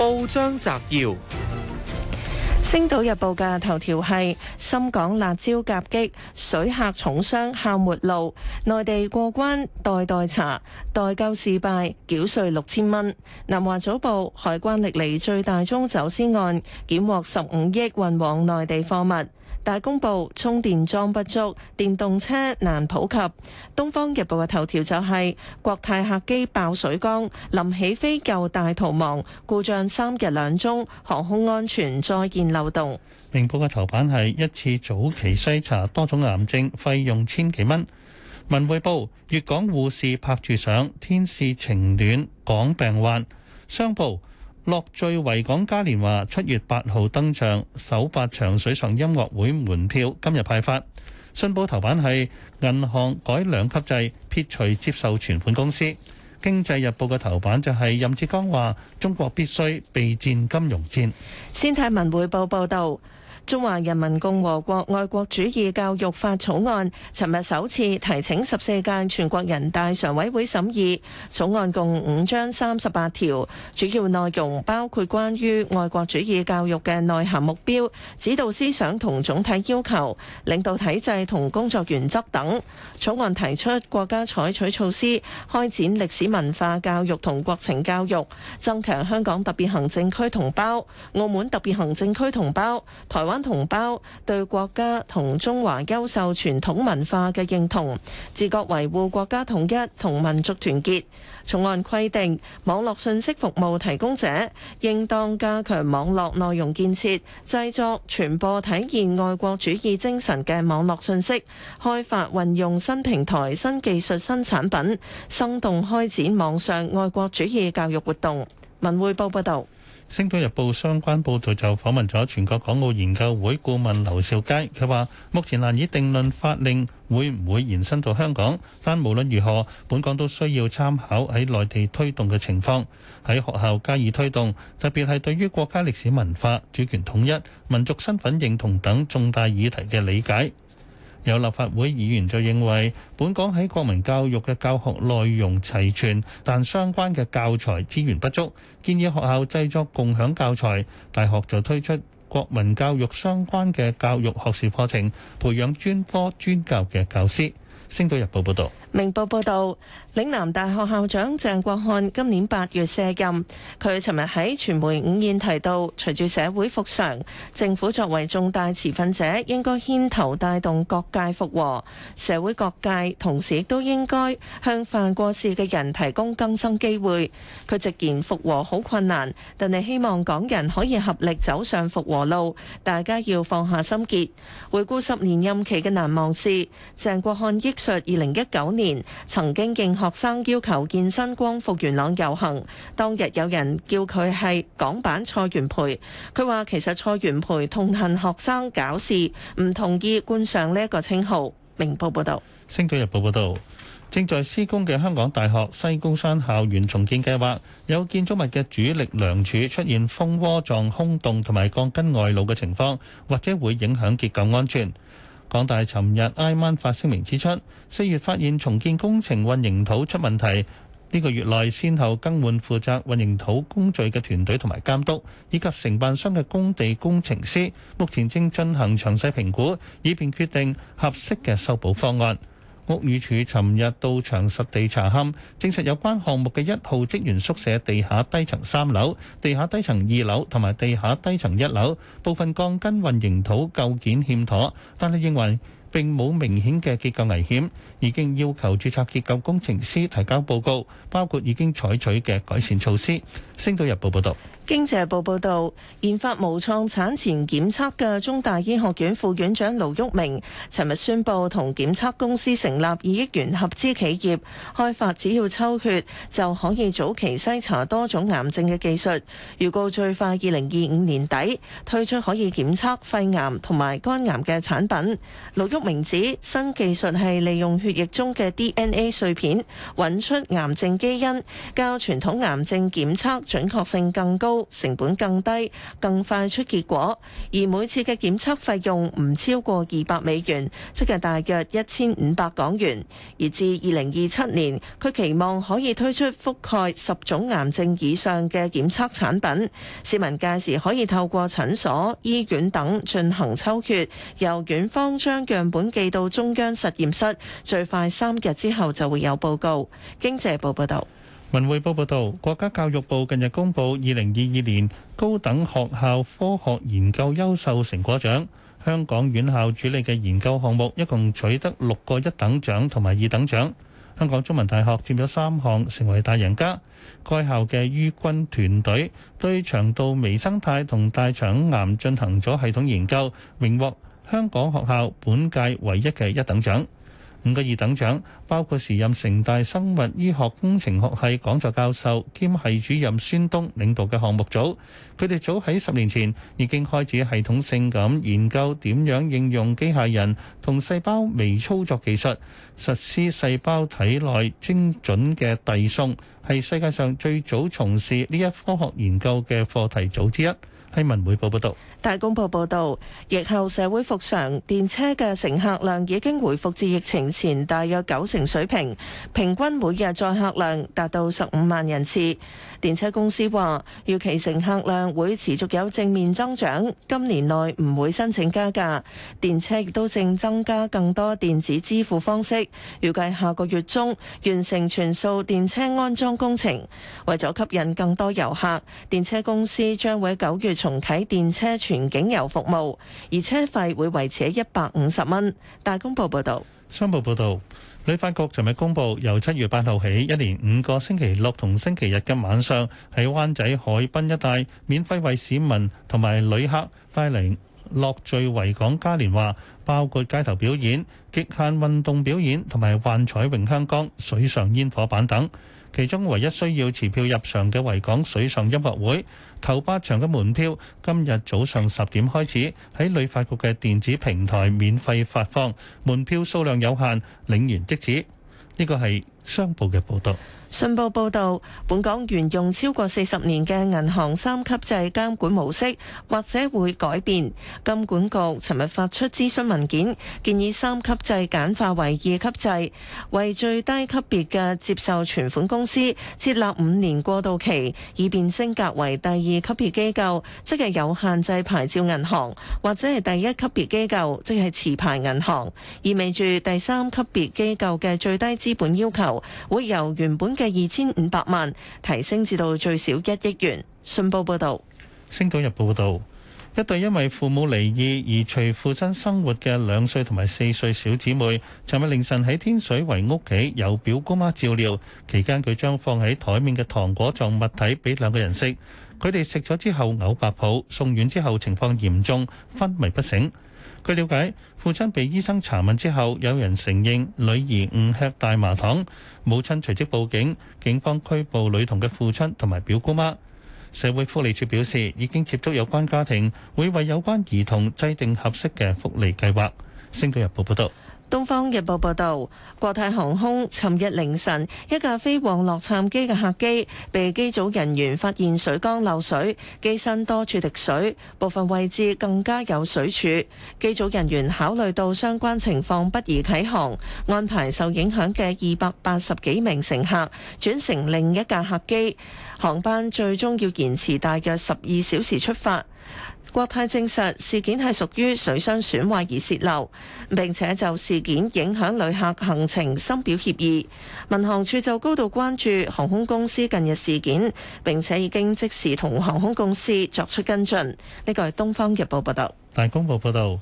報章摘要：《星島日報》嘅頭條係：深港辣椒夾擊，水客重傷喊末路；內地過關代代查，代購事敗繳稅六千蚊。南華早報：海關歷嚟最大宗走私案，檢獲十五億運往內地貨物。大公報：充電樁不足，電動車難普及。東方日報嘅頭條就係、是、國泰客機爆水缸，臨起飛就大逃亡，故障三日兩宗，航空安全再現漏洞。明報嘅頭版係一次早期篩查多種癌症，費用千幾蚊。文匯報：粵港護士拍住相，天使情暖講病患。商報。樂聚維港嘉年華七月八號登場，首八場水上音樂會門票今日派發。信報頭版係銀行改兩級制，撇除接受存款公司。經濟日報嘅頭版就係任志剛話：中國必須備戰金融戰。先睇文匯報報道。《中華人民共和國愛國主義教育法草案》尋日首次提請十四屆全國人大常委會審議。草案共五章三十八條，主要內容包括關於愛國主義教育嘅內涵、目標，指導思想同總體要求、領導體制同工作原則等。草案提出國家採取措施，開展歷史文化教育同國情教育，增強香港特別行政區同胞、澳門特別行政區同胞、台灣同胞對國家同中華優秀傳統文化嘅認同，自覺維護國家統一同民族團結。重按規定，網絡信息服務提供者應當加強網絡內容建設，製作傳播體現愛國主義精神嘅網絡信息，開發運用新平台、新技術、新產品，生動開展網上愛國主義教育活動。文匯報報道。星島日報相關報導就訪問咗全國港澳研究會顧問劉兆佳，佢話：目前難以定論法令會唔會延伸到香港，但無論如何，本港都需要參考喺內地推動嘅情況，喺學校加以推動，特別係對於國家歷史文化、主權統一、民族身份認同等重大議題嘅理解。有立法會議員就認為，本港喺國民教育嘅教學內容齊全，但相關嘅教材資源不足，建議學校製作共享教材。大學就推出國民教育相關嘅教育學士課程，培養專科專教嘅教師。星島日報報導。明報報道，嶺南大學校長鄭國漢今年八月卸任。佢尋日喺傳媒午宴提到，隨住社會復常，政府作為重大持份者，應該牽頭帶動各界復和。社會各界同時亦都應該向犯過事嘅人提供更新機會。佢直言復和好困難，但係希望港人可以合力走上復和路，大家要放下心結。回顧十年任期嘅難忘事，鄭國漢憶述：二零一九年。年曾經應學生要求健身光復元朗遊行，當日有人叫佢係港版蔡元培，佢話其實蔡元培痛恨學生搞事，唔同意冠上呢一個稱號。明報報道，星島日報報道：「正在施工嘅香港大學西高山校園重建計劃，有建築物嘅主力梁柱出現蜂窩狀空洞同埋鋼筋外露嘅情況，或者會影響結構安全。港大尋日挨晚發聲明指出，四月發現重建工程混凝土出問題，呢、這個月內先後更換負責混凝土工序嘅團隊同埋監督，以及承辦商嘅工地工程師，目前正進行詳細評估，以便決定合適嘅修補方案。屋宇署尋日到場實地查勘，證實有關項目嘅一號職員宿舍地下低層三樓、地下低層二樓同埋地下低層一樓部分鋼筋混凝土構件欠妥，但係認為，並冇明顯嘅結構危險，已經要求註冊結構工程師提交報告，包括已經採取嘅改善措施。星島日報報道：「經濟日報報道，研發無創產前檢測嘅中大醫學院副院長盧煜明，尋日宣布同檢測公司成立二億元合資企業，開發只要抽血就可以早期篩查多種癌症嘅技術，預告最快二零二五年底推出可以檢測肺癌同埋肝癌嘅產品。盧煜明指新技術係利用血液中嘅 DNA 碎片揾出癌症基因，較傳統癌症檢測準確性更高、成本更低、更快出結果。而每次嘅檢測費用唔超過二百美元，即係大約一千五百港元。而至二零二七年，佢期望可以推出覆蓋十種癌症以上嘅檢測產品，市民屆時可以透過診所、醫院等進行抽血，由院方將樣。本寄到中央實驗室，最快三日之後就會有報告。經濟報報道，文匯報報道，國家教育部近日公布二零二二年高等學校科學研究優秀成果獎，香港院校主理嘅研究項目一共取得六個一等獎同埋二等獎，香港中文大學佔咗三項，成為大贏家。該校嘅于軍團隊對腸道微生態同大腸癌進行咗系統研究，榮獲。香港學校本屆唯一嘅一等獎，五個二等獎，包括時任城大生物醫學工程學系講座教授兼系主任孫東領導嘅項目組。佢哋早喺十年前已經開始系統性咁研究點樣應用機械人同細胞微操作技術，實施細胞體內精準嘅遞送，係世界上最早從事呢一科學研究嘅課題組之一。新聞匯報報道，大公報報道，疫後社會復常，電車嘅乘客量已經回復至疫情前大約九成水平，平均每日載客量達到十五萬人次。電車公司話，預期乘客量會持續有正面增長，今年內唔會申請加價。電車亦都正增加更多電子支付方式，預計下個月中完成全數電車安裝工程。為咗吸引更多遊客，電車公司將會喺九月。重啟電車全景遊服務，而車費會維持喺一百五十蚊。大公報報導，商報報導，旅發局尋日公布，由七月八號起，一連五個星期六同星期日嘅晚上，喺灣仔海濱一帶免費為市民同埋旅客帶嚟樂聚維港嘉年華，包括街頭表演、極限運動表演同埋幻彩詠香江水上煙火板等。其中唯一需要持票入場嘅維港水上音樂會頭八場嘅門票今日早上十點開始喺旅發局嘅電子平台免費發放，門票數量有限，領完即止。呢個係。商報嘅報道，信報報道，本港沿用超過四十年嘅銀行三級制監管模式，或者會改變。金管局尋日發出諮詢文件，建議三級制簡化為二級制，為最低級別嘅接受存款公司設立五年過渡期，以便升格為第二級別機構，即係有限制牌照銀行，或者係第一級別機構，即係持牌銀行。意味住第三級別機構嘅最低資本要求，會由原本嘅二千五百萬提升至到最少一億元。信報報道，星島日報報道，一對因為父母離異而隨父親生活嘅兩歲同埋四歲小姊妹，尋日凌晨喺天水圍屋企有表姑媽照料，期間佢將放喺台面嘅糖果狀物體俾兩個人食，佢哋食咗之後嘔白泡，送院之後情況嚴重，昏迷不醒。據了解，父親被醫生查問之後，有人承認女兒誤吃大麻糖，母親隨即報警，警方拘捕女童嘅父親同埋表姑媽。社會福利署表示，已經接觸有關家庭，會為有關兒童制定合適嘅福利計劃。星島日報報道。《東方日報》報導，國泰航空尋日凌晨，一架飛往洛杉磯嘅客機被機組人員發現水缸漏水，機身多處滴水，部分位置更加有水柱。機組人員考慮到相關情況不宜啟航，安排受影響嘅二百八十幾名乘客轉乘另一架客機，航班最終要延遲大約十二小時出發。國泰證實事件係屬於水箱損壞而洩漏，並且就事件影響旅客行程深表歉意。民航處就高度關注航空公司近日事件，並且已經即時同航空公司作出跟進。呢個係《東方日報》報道。《大公報》報道，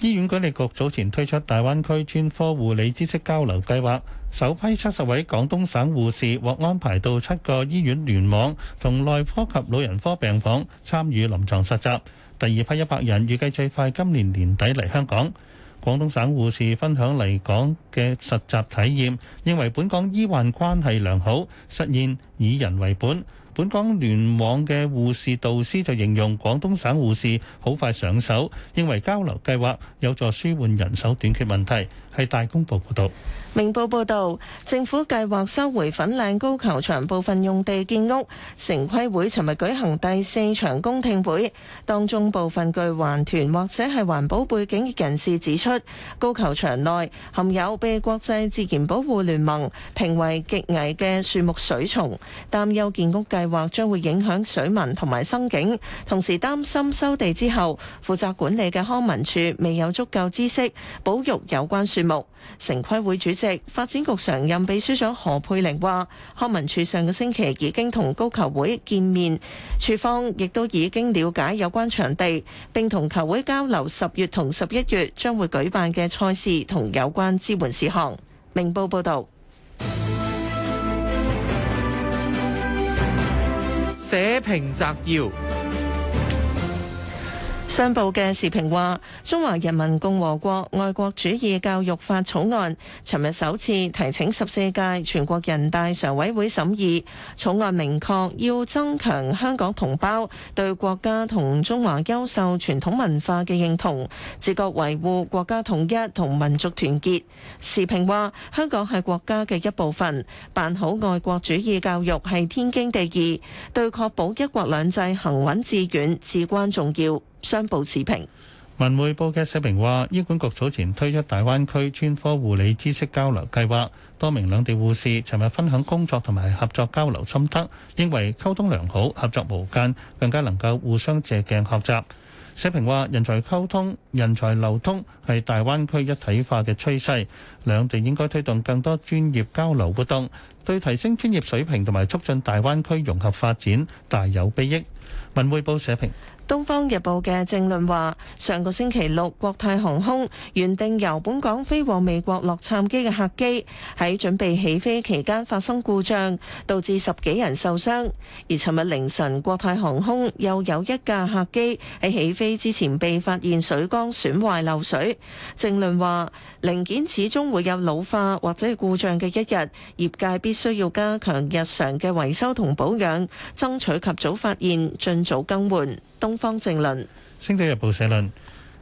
醫院管理局早前推出大灣區專科護理知識交流計劃，首批七十位廣東省護士獲安排到七個醫院聯網同內科及老人科病房參與臨床實習。第二批一百人預計最快今年年底嚟香港。廣東省護士分享嚟港嘅實習體驗，認為本港醫患關係良好，實現以人為本。本港聯網嘅護士導師就形容廣東省護士好快上手，認為交流計劃有助舒緩人手短缺問題。係大公報報道。明報報道，政府計劃收回粉嶺高球場部分用地建屋。城規會尋日舉行第四場公聽會，當中部分具環團或者係環保背景嘅人士指出，高球場內含有被國際自然保護聯盟評為極危嘅樹木水松，擔憂建屋計劃，計劃將會影響水文同埋生境，同時擔心收地之後，負責管理嘅康文署未有足夠知識保育有關樹木。城規會主席、發展局常任秘書長何佩玲話，康文署上個星期已經同高球會見面，處方亦都已經了解有關場地，並同球會交流十月同十一月將會舉辦嘅賽事同有關支援事項。明報報道。報章摘要。上報嘅時評話，《中華人民共和國愛國主義教育法草案》尋日首次提請十四屆全國人大常委會審議。草案明確要增強香港同胞對國家同中華優秀傳統文化嘅認同，自覺維護國家統一同民族團結。時評話，香港係國家嘅一部分，辦好愛國主義教育係天經地義，對確保一國兩制行穩致遠至關重要。商報視評，文匯報嘅社評話，醫管局早前推出大灣區專科護理知識交流計劃，多名兩地護士尋日分享工作同埋合作交流心得，認為溝通良好，合作無間，更加能夠互相借鏡學習。社評話，人才溝通、人才流通係大灣區一體化嘅趨勢，兩地應該推動更多專業交流活動，對提升專業水平同埋促進大灣區融合發展大有裨益。文匯報社評，《東方日報》嘅政論話：上個星期六，國泰航空原定由本港飛往美國洛杉磯嘅客機喺準備起飛期間發生故障，導致十幾人受傷，而尋日凌晨，國泰航空又有一架客機喺起飛之前被發現水缸損壞漏水。政論話：零件始終會有老化或者係故障嘅一日，業界必須要加強日常嘅維修同保養，爭取及早發現進。早更換東方正論，星島日報社論：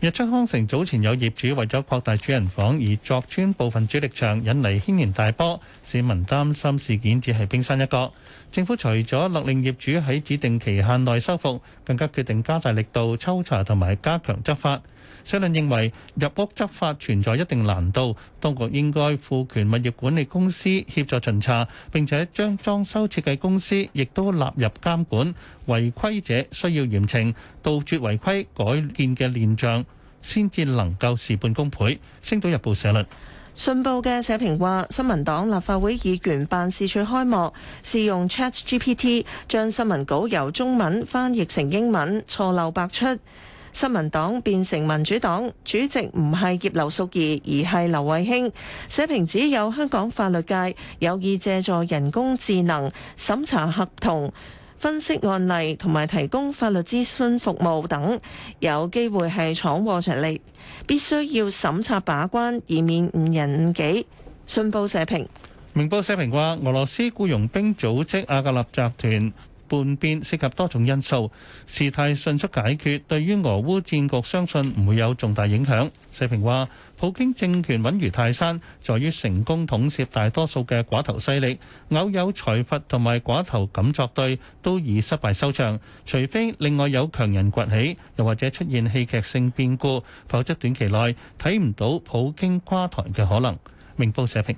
日出康城早前有業主為咗擴大主人房而鑿穿部分主力牆，引嚟軒然大波。市民擔心事件只係冰山一角。政府除咗勒令業主喺指定期限內修復，更加決定加大力度抽查同埋加強執法。社論認為入屋執法存在一定難度，當局應該賦權物業管理公司協助巡查，並且將裝修設計公司亦都納入監管，違規者需要嚴懲，杜絕違規改建嘅現象，先至能夠事半功倍。星島日報社論，信報嘅社評話，新民黨立法會議員辦事處開幕，試用 ChatGPT 將新聞稿由中文翻譯成英文，錯漏百出。新民黨變成民主黨，主席唔係葉劉淑儀，而係劉慧卿。社評指有香港法律界有意借助人工智能審查合同、分析案例同埋提供法律諮詢服務等，有機會係闖禍着力，必須要審查把關，以免誤人誤己。信報社評，明報社評話，俄羅斯僱傭兵組織阿格納集團。叛變涉及多種因素，事態迅速解決，對於俄烏戰局相信唔會有重大影響。社評話：普京政權穩如泰山，在於成功統攝大多數嘅寡頭勢力，偶有財閥同埋寡頭敢作對，都以失敗收場。除非另外有強人崛起，又或者出現戲劇性變故，否則短期內睇唔到普京垮台嘅可能。明報社評。